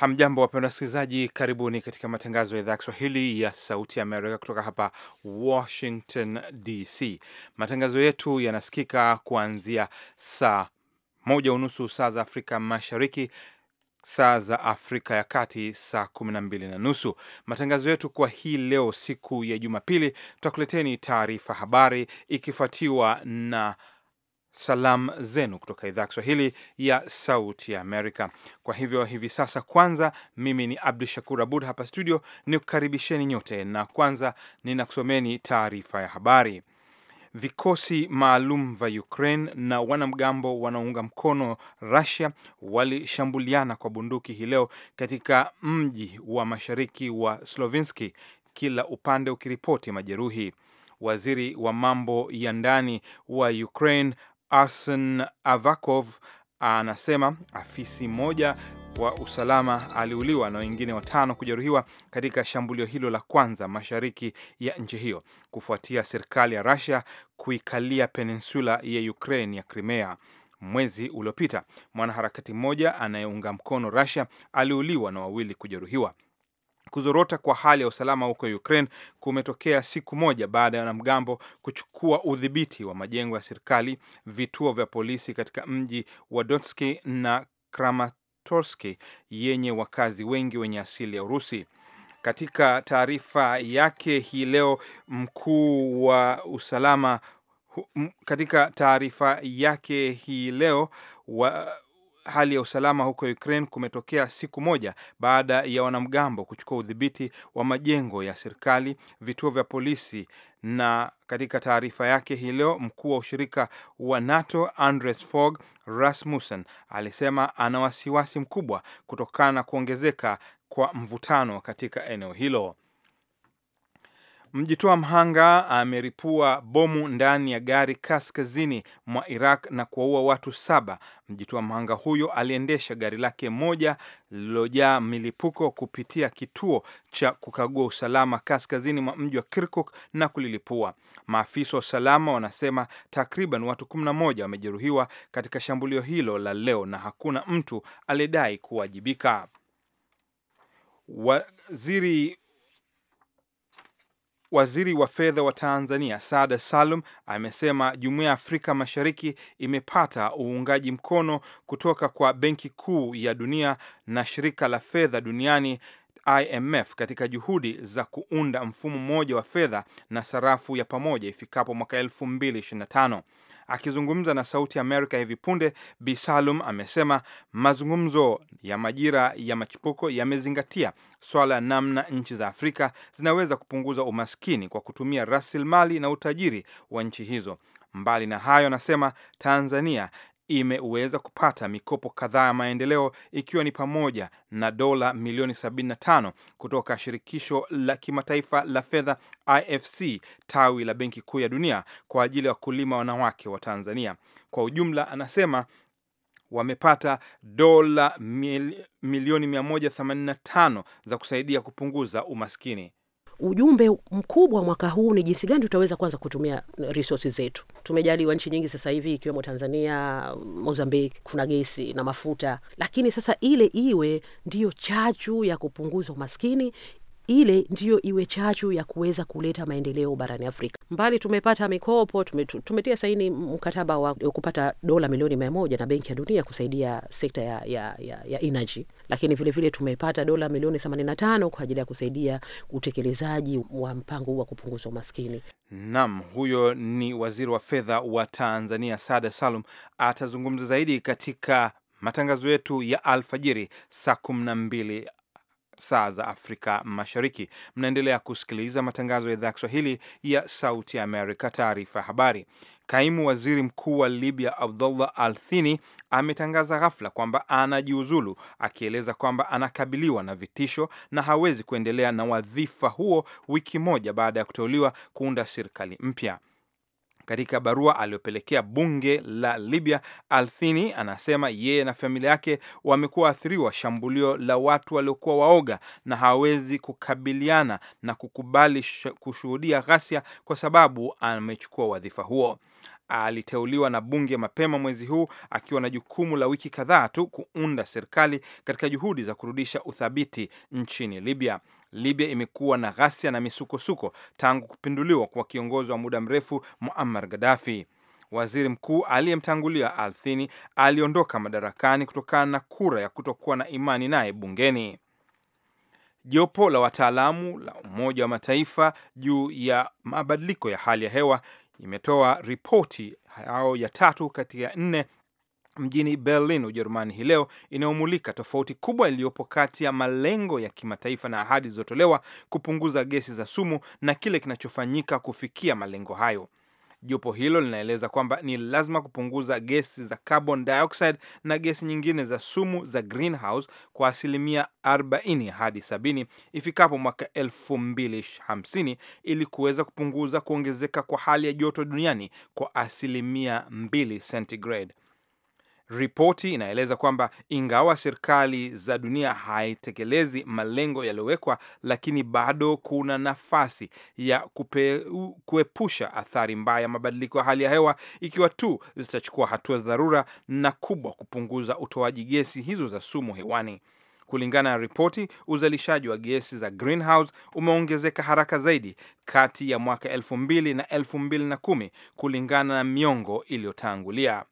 Hamjambo, wapendwa wasikilizaji, karibuni katika matangazo ya idhaa ya Kiswahili ya Sauti ya Amerika kutoka hapa Washington DC. Matangazo yetu yanasikika kuanzia saa moja unusu saa za Afrika Mashariki, saa za Afrika ya Kati saa kumi na mbili na nusu. Matangazo yetu kwa hii leo, siku ya Jumapili, tutakuleteni taarifa habari ikifuatiwa na salam zenu kutoka idhaa ya Kiswahili ya Sauti ya Amerika. Kwa hivyo hivi sasa, kwanza, mimi ni Abdu Shakur Abud hapa studio ni kukaribisheni nyote, na kwanza ninakusomeni taarifa ya habari. Vikosi maalum vya Ukraine na wanamgambo wanaounga mkono Russia walishambuliana kwa bunduki hii leo katika mji wa mashariki wa Slovinski, kila upande ukiripoti majeruhi. Waziri wa mambo ya ndani wa Ukraine Arsen Avakov anasema afisi moja wa usalama aliuliwa na wengine watano kujeruhiwa katika shambulio hilo la kwanza mashariki ya nchi hiyo kufuatia serikali ya Russia kuikalia peninsula ya Ukraine ya Crimea. Mwezi uliopita mwanaharakati mmoja anayeunga mkono Russia aliuliwa na wawili kujeruhiwa. Kuzorota kwa hali ya usalama huko Ukraine kumetokea siku moja baada ya wanamgambo kuchukua udhibiti wa majengo ya serikali, vituo vya polisi katika mji wa Donetsk na Kramatorsk yenye wakazi wengi wenye asili ya Urusi. Katika taarifa yake hii leo, mkuu wa usalama katika taarifa yake hii leo wa hali ya usalama huko Ukraine kumetokea siku moja baada ya wanamgambo kuchukua udhibiti wa majengo ya serikali, vituo vya polisi. Na katika taarifa yake hii leo, mkuu wa ushirika wa NATO Andres Fogh Rasmussen alisema ana wasiwasi mkubwa kutokana na kuongezeka kwa mvutano katika eneo hilo. Mjitoa mhanga ameripua bomu ndani ya gari kaskazini mwa Iraq na kuwaua watu saba. Mjitoa mhanga huyo aliendesha gari lake moja lililojaa milipuko kupitia kituo cha kukagua usalama kaskazini mwa mji wa Kirkuk na kulilipua. Maafisa wa usalama wanasema takriban watu 11 wamejeruhiwa katika shambulio hilo la leo na hakuna mtu aliyedai kuwajibika. Waziri Waziri wa fedha wa Tanzania Saada Salum amesema jumuiya ya Afrika Mashariki imepata uungaji mkono kutoka kwa Benki Kuu ya Dunia na Shirika la Fedha Duniani IMF katika juhudi za kuunda mfumo mmoja wa fedha na sarafu ya pamoja ifikapo mwaka 2025. Akizungumza na Sauti Amerika hivi punde, Bi Salum amesema mazungumzo ya majira ya machipuko yamezingatia swala ya namna nchi za Afrika zinaweza kupunguza umaskini kwa kutumia rasilimali na utajiri wa nchi hizo. Mbali na hayo, anasema Tanzania imeweza kupata mikopo kadhaa ya maendeleo ikiwa ni pamoja na dola milioni 75 kutoka shirikisho la kimataifa la fedha IFC tawi la Benki Kuu ya Dunia kwa ajili ya wakulima wanawake wa Tanzania. Kwa ujumla, anasema wamepata dola milioni 185 za kusaidia kupunguza umaskini. Ujumbe mkubwa mwaka huu ni jinsi gani tutaweza kwanza kutumia resources zetu Tumejaliwa nchi nyingi sasa hivi ikiwemo Tanzania, mozambik kuna gesi na mafuta, lakini sasa ile iwe ndiyo chachu ya kupunguza umaskini, ile ndiyo iwe chachu ya kuweza kuleta maendeleo barani Afrika. Mbali tumepata mikopo, tumetia saini mkataba wa kupata dola milioni mia moja na Benki ya Dunia kusaidia sekta ya, ya, ya, ya energy, lakini vilevile vile tumepata dola milioni 85 kwa ajili ya kusaidia utekelezaji wa mpango huu wa kupunguza umaskini. nam huyo ni waziri wa fedha wa Tanzania Sada Salum. Atazungumza zaidi katika matangazo yetu ya alfajiri saa kumi na mbili saa za Afrika Mashariki. Mnaendelea kusikiliza matangazo ya idhaa ya Kiswahili ya Sauti ya Amerika. Taarifa ya habari. Kaimu waziri mkuu wa Libya Abdullah Althini ametangaza ghafla kwamba anajiuzulu, akieleza kwamba anakabiliwa na vitisho na hawezi kuendelea na wadhifa huo wiki moja baada ya kuteuliwa kuunda serikali mpya. Katika barua aliyopelekea bunge la Libya, Althini anasema yeye na familia yake wamekuwa waathiriwa shambulio la watu waliokuwa waoga na hawawezi kukabiliana na kukubali kushuhudia ghasia kwa sababu amechukua wadhifa huo. Aliteuliwa na bunge mapema mwezi huu akiwa na jukumu la wiki kadhaa tu kuunda serikali katika juhudi za kurudisha uthabiti nchini Libya. Libya imekuwa na ghasia na misukosuko tangu kupinduliwa kwa kiongozi wa muda mrefu Muammar Gaddafi. Waziri mkuu aliyemtangulia Althini aliondoka madarakani kutokana na kura ya kutokuwa na imani naye bungeni. Jopo la wataalamu la Umoja wa Mataifa juu ya mabadiliko ya hali ya hewa imetoa ripoti yao ya tatu kati ya nne mjini Berlin, Ujerumani hii leo inayomulika tofauti kubwa iliyopo kati ya malengo ya kimataifa na ahadi zilizotolewa kupunguza gesi za sumu na kile kinachofanyika kufikia malengo hayo. Jopo hilo linaeleza kwamba ni lazima kupunguza gesi za carbon dioxide na gesi nyingine za sumu za greenhouse kwa asilimia 40 hadi 70 ifikapo mwaka 2050 ili kuweza kupunguza kuongezeka kwa hali ya joto duniani kwa asilimia 2 centigrade. Ripoti inaeleza kwamba ingawa serikali za dunia haitekelezi malengo yaliyowekwa, lakini bado kuna nafasi ya kupe, kuepusha athari mbaya ya mabadiliko ya hali ya hewa ikiwa tu zitachukua hatua za dharura na kubwa kupunguza utoaji gesi hizo za sumu hewani. Kulingana na ripoti, uzalishaji wa gesi za greenhouse umeongezeka haraka zaidi kati ya mwaka mbili na kumi kulingana na miongo iliyotangulia.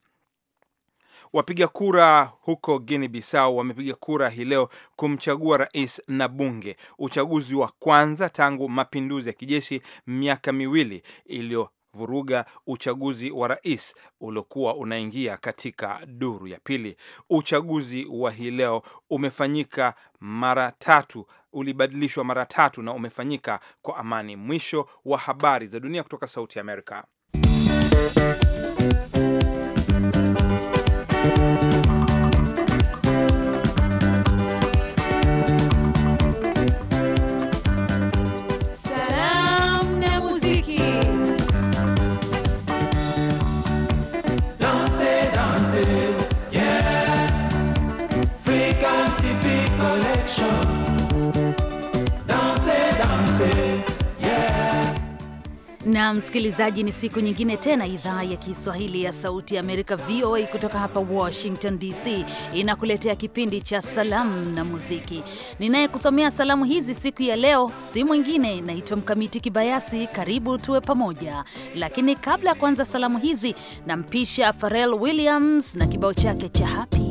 Wapiga kura huko Guinea Bissau wamepiga kura hii leo kumchagua rais na bunge, uchaguzi wa kwanza tangu mapinduzi ya kijeshi miaka miwili iliyo vuruga uchaguzi wa rais uliokuwa unaingia katika duru ya pili. Uchaguzi wa hii leo umefanyika mara tatu, ulibadilishwa mara tatu na umefanyika kwa amani. Mwisho wa habari za dunia kutoka Sauti ya Amerika. na msikilizaji, ni siku nyingine tena, idhaa ya Kiswahili ya Sauti ya Amerika, VOA, kutoka hapa Washington DC, inakuletea kipindi cha Salamu na Muziki. Ninayekusomea salamu hizi siku ya leo si mwingine, naitwa Mkamiti Kibayasi. Karibu tuwe pamoja, lakini kabla ya kuanza salamu hizi, nampisha Farel Williams na kibao chake cha Happy.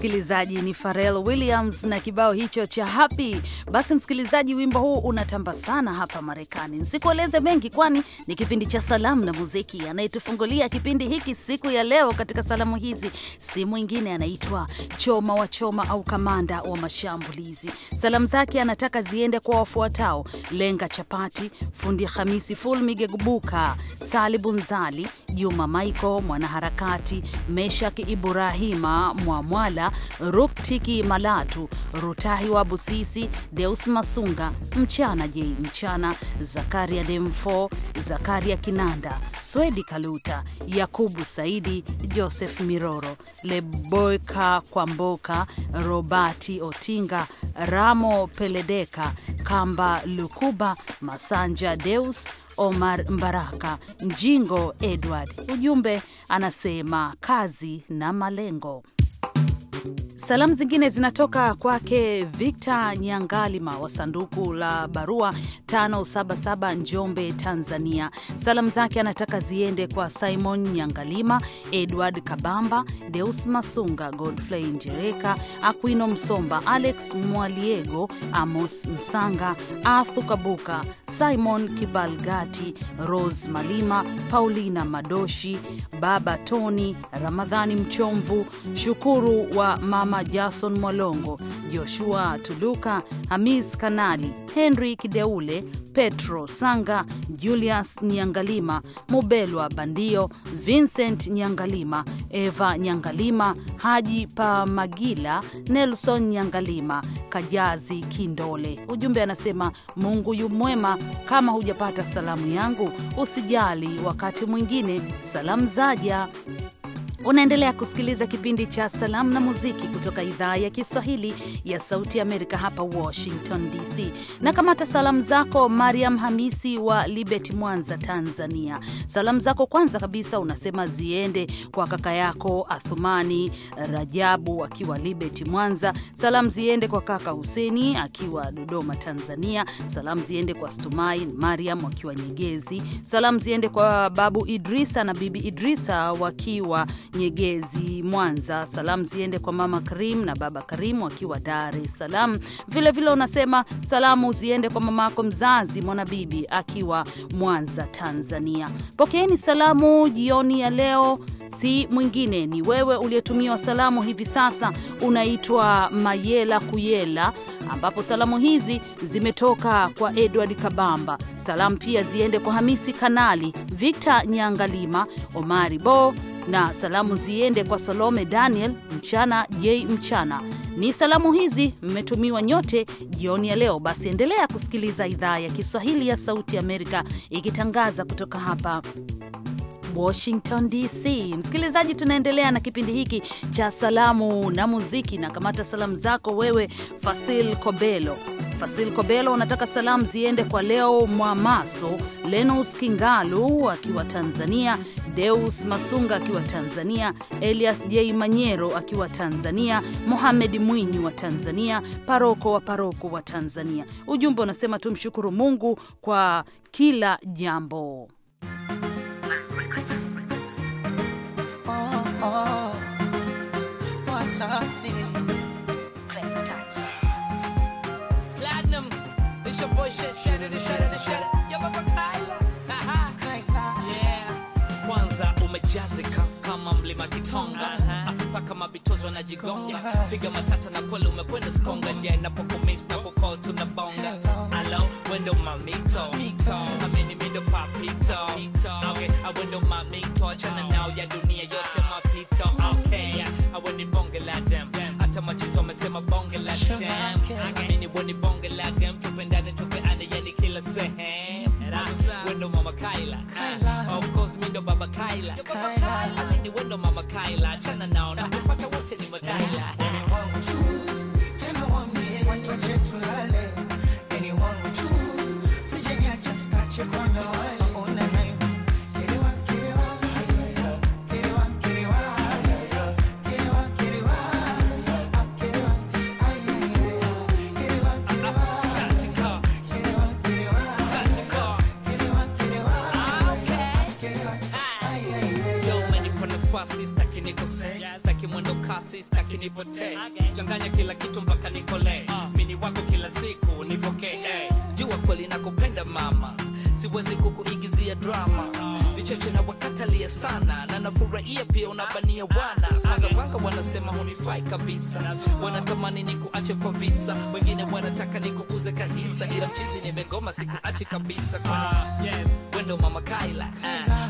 msikilizaji, ni Pharrell Williams na kibao hicho cha Happy. Basi msikilizaji, wimbo huu unatamba sana hapa Marekani. Nsikueleze mengi, kwani ni kipindi cha salamu na muziki. Anayetufungulia kipindi hiki siku ya leo katika salamu hizi si mwingine, anaitwa Choma wa Choma au Kamanda wa Mashambulizi. Salamu zake anataka ziende kwa wafuatao: Lenga Chapati, Fundi Hamisi, Fulmige Gubuka, Sali Bunzali, Juma Michael, mwanaharakati Meshak Ibrahima Mwamwala ruktiki Ruptiki Malatu, wa Busisi, Deus Masunga, Mchana J Mchana, Zakaria Demfo, Zakaria Kinanda, Swedi Kaluta, Yakubu Saidi, Joseph Miroro, leboika Kwamboka, Robati Otinga, Ramo Peledeka, Kamba Lukuba, Masanja Deus, Omar Mbaraka, Njingo Edward. Ujumbe anasema kazi na malengo. Salamu zingine zinatoka kwake Victor Nyangalima wa sanduku la barua 577 Njombe, Tanzania. Salamu zake anataka ziende kwa Simon Nyangalima, Edward Kabamba, Deus Masunga, Godfrey Njereka, aquino Msomba, Alex Mwaliego, Amos Msanga, Arthu Kabuka, Simon Kibalgati, Rose Malima, Paulina Madoshi, Baba Tony, Ramadhani Mchomvu, Shukuru wa mama kama Jason Mwalongo, Joshua Tuluka, Hamis Kanali, Henry Kideule, Petro Sanga, Julius Nyangalima, Mubelwa Bandio, Vincent Nyangalima, Eva Nyangalima, Haji Pamagila, Nelson Nyangalima, Kajazi Kindole. Ujumbe anasema Mungu yu mwema. Kama hujapata salamu yangu usijali, wakati mwingine salamu zaja. Unaendelea kusikiliza kipindi cha Salamu na Muziki kutoka idhaa ya Kiswahili ya Sauti ya Amerika hapa Washington DC. Na kamata salamu zako Mariam Hamisi wa Libet, Mwanza, Tanzania. Salamu zako kwanza kabisa unasema ziende kwa kaka yako Athumani Rajabu akiwa Libet, Mwanza. Salamu ziende kwa kaka Huseni akiwa Dodoma, Tanzania. Salamu ziende kwa Stumai Mariam akiwa Nyegezi. Salamu ziende kwa babu Idrisa na bibi Idrisa wakiwa Nyegezi, Mwanza. Salamu ziende kwa Mama Karim na Baba Karim akiwa Dar es Salaam. Vilevile unasema salamu ziende kwa mamako mzazi Mwanabibi akiwa Mwanza, Tanzania. Pokeeni salamu jioni ya leo si mwingine ni wewe uliyetumiwa salamu hivi sasa. Unaitwa Mayela Kuyela, ambapo salamu hizi zimetoka kwa Edward Kabamba. Salamu pia ziende kwa Hamisi Kanali, Victor Nyangalima, Omari Bo, na salamu ziende kwa Salome Daniel mchana J mchana. Ni salamu hizi mmetumiwa nyote jioni ya leo. Basi endelea kusikiliza idhaa ya Kiswahili ya Sauti Amerika ikitangaza kutoka hapa Washington DC. Msikilizaji, tunaendelea na kipindi hiki cha salamu na muziki, na kamata salamu zako wewe Fasil Kobelo Fasil Kobelo anataka salamu ziende kwa Leo Mwamaso, Lenus Kingalu akiwa Tanzania, Deus Masunga akiwa Tanzania, Elias J Manyero akiwa Tanzania, Mohamed Mwinyi wa Tanzania, paroko wa paroko wa Tanzania. Ujumbe unasema tumshukuru Mungu kwa kila jambo. oh, oh, oh It's your boy shit, shut it, shut it, shut it. Ya baba Kaila. Aha. Kaila. Yeah. Kwanza umejazika kama mlima Kitonga. Mpaka mabitozo wanajigonga. Piga matata na kweli umekwenda skonga. Je, napokumiss na kukol tunabonga. Hello, wendo mamito. Mito. Amini mindo papito. Okay, awendo mamito. Chana nao ya dunia yote mapito. Okay, awendi bonge la dem. Hata machizo amesema bonge la dem. Amini woni bonge la dem. Tupenda Kyla. Kyla. Uh, of course mi ndo baba Kyla. Amini wendo mama Kyla. Chana naona kupata wote ni mataila. Anyone wangu tu, one wambie watu to tulale. Anyone wangu tu, sije niache kache kwa na wale. sitaki nipotee, changanya kila kitu mpaka nikole mini wako kila siku nipokee, jua kweli nakupenda mama, siwezi kukuigizia drama vicheche na wakatalia sana na nafurahia pia unabania wana mazawaka wanasema hunifai kabisa, wanatamani ni kuache kwa visa, wengine wanataka ni kuuze kahisa, ila mchizi nimegoma, sikuachi kabisa kwa ah, wendo mama Kaila ah.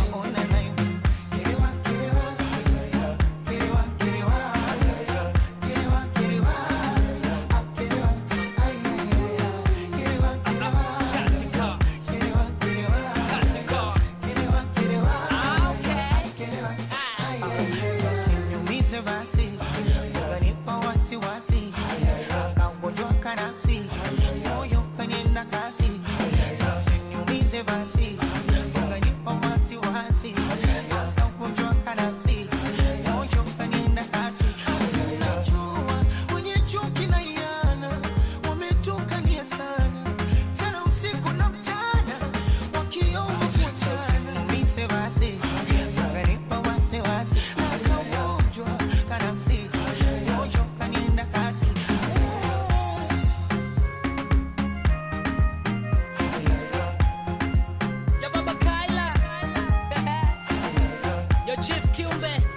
놈배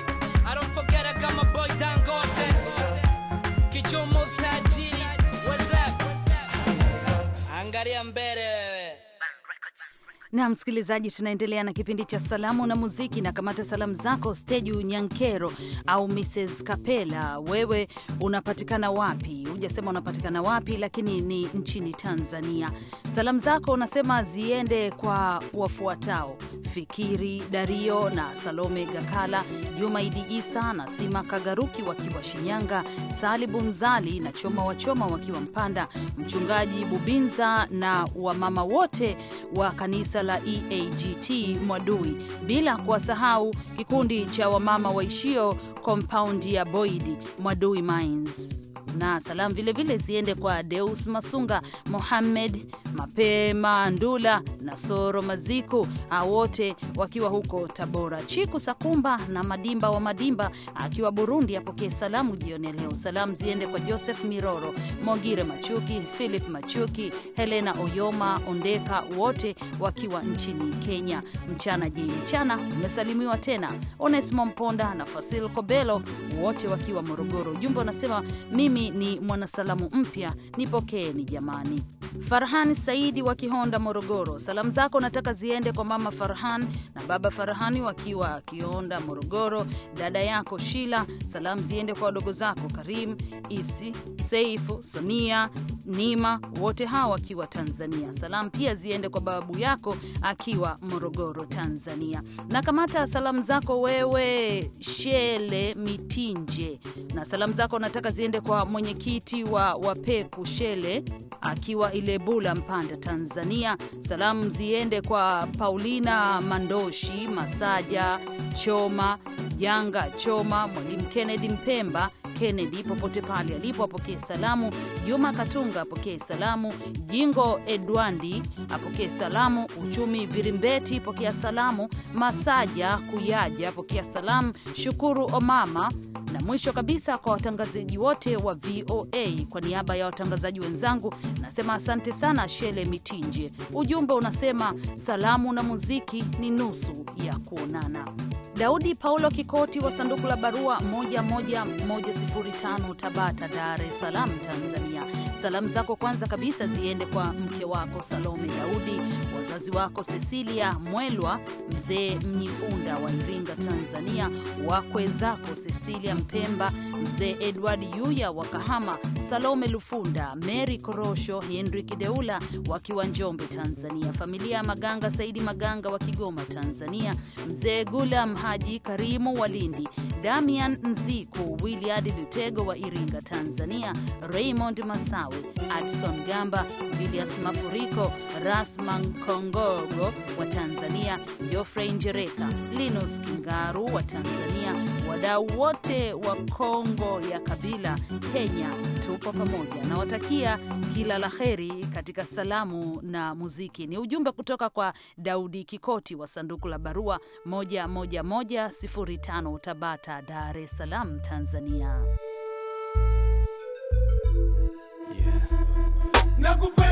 Na msikilizaji, tunaendelea na kipindi cha salamu na muziki, na kamata salamu zako Steju Nyankero au Mrs Kapela. Wewe unapatikana wapi? Hujasema unapatikana wapi, lakini ni nchini Tanzania. Salamu zako unasema ziende kwa wafuatao: Fikiri Dario na Salome Gakala, Juma Isa na Sima Kagaruki wakiwa Shinyanga, Sali Bunzali na Choma Wachoma wakiwa Mpanda, Mchungaji Bubinza na wamama wote wa kanisa la EAGT Mwadui, bila kuwasahau kikundi cha wamama waishio kompaundi ya Boidi Mwadui Mines na salamu vilevile ziende kwa Deus Masunga, Mohamed Mapema Ndula na Soro Maziku, wote wakiwa huko Tabora. Chiku Sakumba na Madimba wa Madimba akiwa Burundi apokee salamu jioni leo. Salamu ziende kwa Joseph Miroro, Mogire Machuki, Philip Machuki, Helena Oyoma Ondeka, wote wakiwa nchini Kenya. Mchana je, mchana umesalimiwa tena Onesimo Mponda na Fasil Kobelo, wote wakiwa Morogoro. Ujumbe unasema mimi ni mwanasalamu mpya, nipokeeni jamani. Farhan Saidi wa Kihonda, Morogoro, salamu zako nataka ziende kwa mama Farhan na baba Farhani wakiwa Kihonda, Morogoro, dada yako Shila. Salamu ziende kwa wadogo zako Karim, Isi, Seifu, Sonia, Nima, wote hawa wakiwa Tanzania. Salamu pia ziende kwa babu yako akiwa Morogoro, Tanzania. Na kamata salamu zako wewe Shele Mitinje, na salamu zako nataka ziende kwa mwenyekiti wa wapepu Shele akiwa Ilebula, Mpanda, Tanzania. Salamu ziende kwa Paulina Mandoshi, Masaja Choma, Janga Choma, Mwalimu Kennedy Mpemba Kennedy popote pale alipo apokee salamu. Juma Katunga apokee salamu. Jingo Edwandi apokee salamu. Uchumi Virimbeti pokea salamu. Masaja Kuyaja apokea salamu. Shukuru Omama na mwisho kabisa, kwa watangazaji wote wa VOA, kwa niaba ya watangazaji wenzangu nasema asante sana. Shele Mitinje, ujumbe unasema salamu na muziki ni nusu ya kuonana. Daudi Paulo Kikoti wa sanduku la barua 11105 Tabata, Dar es Salaam, Tanzania Salamu zako kwanza kabisa ziende kwa mke wako Salome Daudi, wazazi wako Cecilia Mwelwa, mzee Mnyifunda wa Iringa, Tanzania, wakwe zako Cecilia Mpemba, mzee Edward Yuya wa Kahama, Salome Lufunda, Mary Korosho, Henry Kideula wakiwa Njombe, Tanzania, familia ya Maganga Saidi Maganga wa Kigoma, Tanzania, mzee Gulam Haji Karimu wa Lindi Damian Nziku, Williard Lutego wa Iringa, Tanzania, Raymond Masawe, adson Gamba, Julius Mafuriko, Rasman Kongogo wa Tanzania, Geoffrey Njereka, Linus Kingaru wa Tanzania, wadau wote wa Kongo ya Kabila, Kenya, tupo pamoja. Nawatakia kila la heri katika salamu na muziki. Ni ujumbe kutoka kwa Daudi Kikoti wa sanduku la barua 11105 Tabata, Kenyatta, Dar es Salaam, Tanzania. Yeah.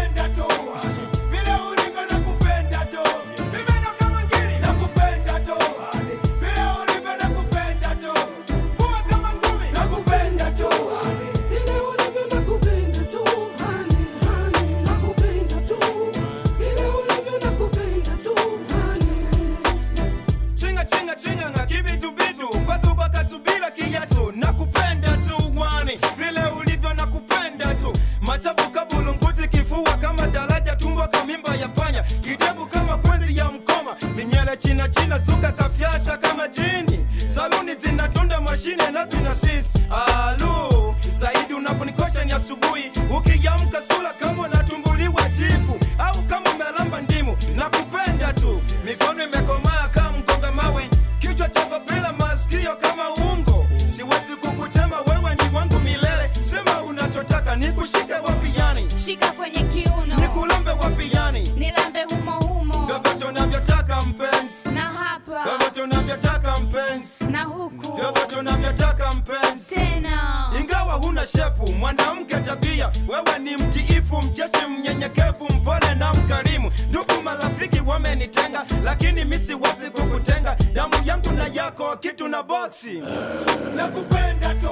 shepu, mwanamke tabia, wewe ni mtiifu, mcheshi, mnyenyekevu, mpole na mkarimu. Ndugu marafiki wamenitenga, lakini mi siwezi kukutenga. Damu yangu na yako kitu na boksi, nakupenda tu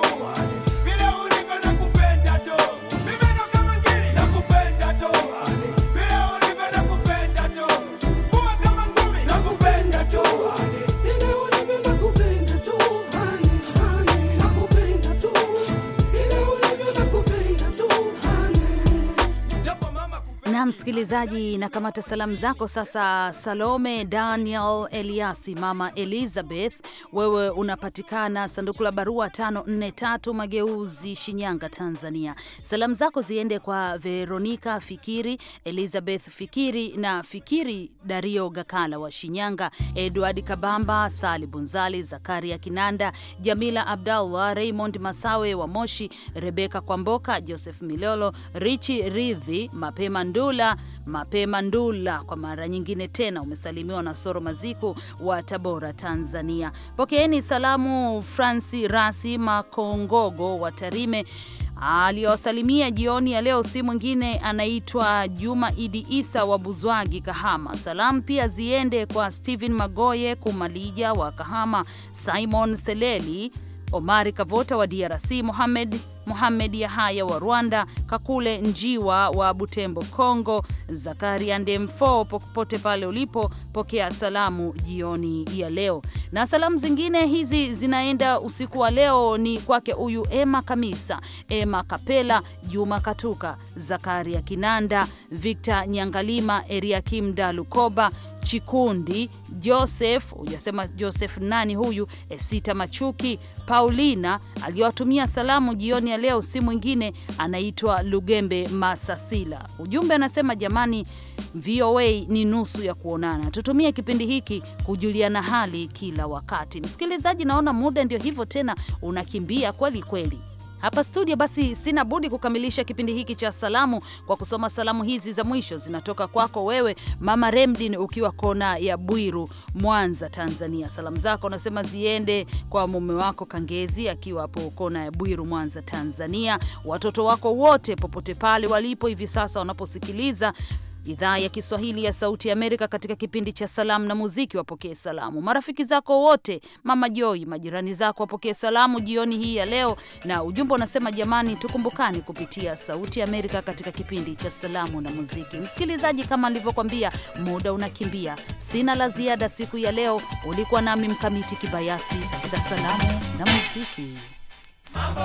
msikilizaji, na kamata salamu zako sasa. Salome Daniel Eliasi, mama Elizabeth, wewe unapatikana sanduku la barua 543 Mageuzi, Shinyanga, Tanzania. Salamu zako ziende kwa Veronika Fikiri, Elizabeth Fikiri na Fikiri Dario Gakala wa Shinyanga, Edward Kabamba, Sali Bunzali, Zakaria Kinanda, Jamila Abdallah, Raymond Masawe wa Moshi, Rebeka Kwamboka, Joseph Milolo, Richi Ridhi, Mapema Ndula Mapema Ndula, kwa mara nyingine tena umesalimiwa na Soro Maziku wa Tabora, Tanzania. Pokeeni salamu Franci Rasi Makongogo wa Tarime aliyowasalimia jioni ya leo si mwingine anaitwa Juma Idi Isa wa Buzwagi, Kahama. Salamu pia ziende kwa Stephen Magoye Kumalija wa Kahama, Simon Seleli, Omari Kavota wa DRC, Mohamed Mohamed Yahaya wa Rwanda, Kakule Njiwa wa Butembo, Kongo, Zakaria Ndemfo, popote pale ulipo, pokea salamu jioni ya leo. Na salamu zingine hizi zinaenda usiku wa leo ni kwake huyu Ema Kamisa, Ema Kapela, Juma Katuka, Zakaria Kinanda, Victor Nyangalima, Eriakim Dalukoba, Chikundi Joseph, hujasema Joseph nani huyu, Esita Machuki, Paulina aliyowatumia salamu jioni ya leo si mwingine anaitwa Lugembe Masasila. Ujumbe anasema jamani, VOA ni nusu ya kuonana, tutumie kipindi hiki kujuliana hali kila wakati. Msikilizaji, naona muda ndio hivyo tena unakimbia kweli kweli. Hapa studio basi sina budi kukamilisha kipindi hiki cha salamu kwa kusoma salamu hizi za mwisho. Zinatoka kwako wewe Mama Remdin ukiwa kona ya Bwiru, Mwanza, Tanzania. Salamu zako unasema ziende kwa mume wako Kangezi akiwa hapo kona ya Bwiru, Mwanza, Tanzania, watoto wako wote popote pale walipo hivi sasa wanaposikiliza idhaa ya Kiswahili ya Sauti ya Amerika katika kipindi cha salamu na muziki. Wapokee salamu marafiki zako wote, Mama Joi, majirani zako wapokee salamu jioni hii ya leo, na ujumbe unasema jamani, tukumbukani kupitia Sauti ya Amerika katika kipindi cha salamu na muziki. Msikilizaji, kama alivyokwambia, muda unakimbia, sina la ziada siku ya leo. Ulikuwa nami Mkamiti Kibayasi katika salamu na muziki Mambo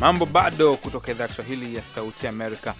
Mambo bado kutoka idhaa ya Kiswahili ya Sauti ya Amerika,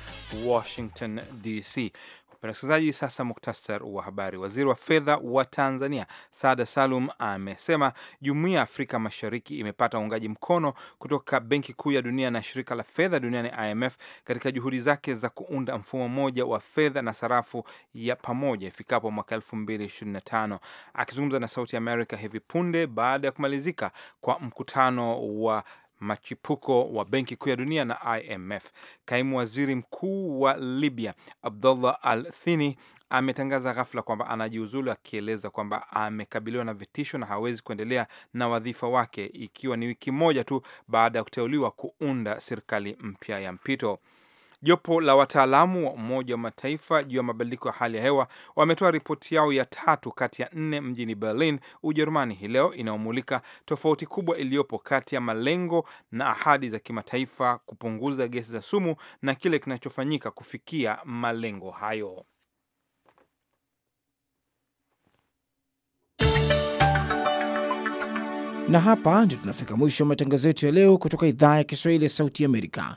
Washington DC. Mpendwa sasa muktasar wa habari. Waziri wa fedha wa Tanzania Saada Salum amesema jumuia ya Afrika Mashariki imepata uungaji mkono kutoka Benki Kuu ya Dunia na Shirika la Fedha Duniani, IMF, katika juhudi zake za kuunda mfumo mmoja wa fedha na sarafu ya pamoja ifikapo mwaka 2025. Akizungumza na Sauti ya Amerika hivi punde baada ya kumalizika kwa mkutano wa machipuko wa Benki Kuu ya Dunia na IMF. Kaimu waziri mkuu wa Libya Abdullah Al Thini ametangaza ghafla kwamba anajiuzulu akieleza kwamba amekabiliwa na vitisho na hawezi kuendelea na wadhifa wake, ikiwa ni wiki moja tu baada ya kuteuliwa kuunda serikali mpya ya mpito. Jopo la wataalamu wa Umoja wa Mataifa juu ya mabadiliko ya hali ya hewa wametoa ripoti yao ya tatu kati ya nne mjini Berlin, Ujerumani hii leo inayomulika tofauti kubwa iliyopo kati ya malengo na ahadi za kimataifa kupunguza gesi za sumu na kile kinachofanyika kufikia malengo hayo. Na hapa ndio tunafika mwisho wa matangazo yetu ya leo kutoka idhaa ya Kiswahili ya Sauti Amerika.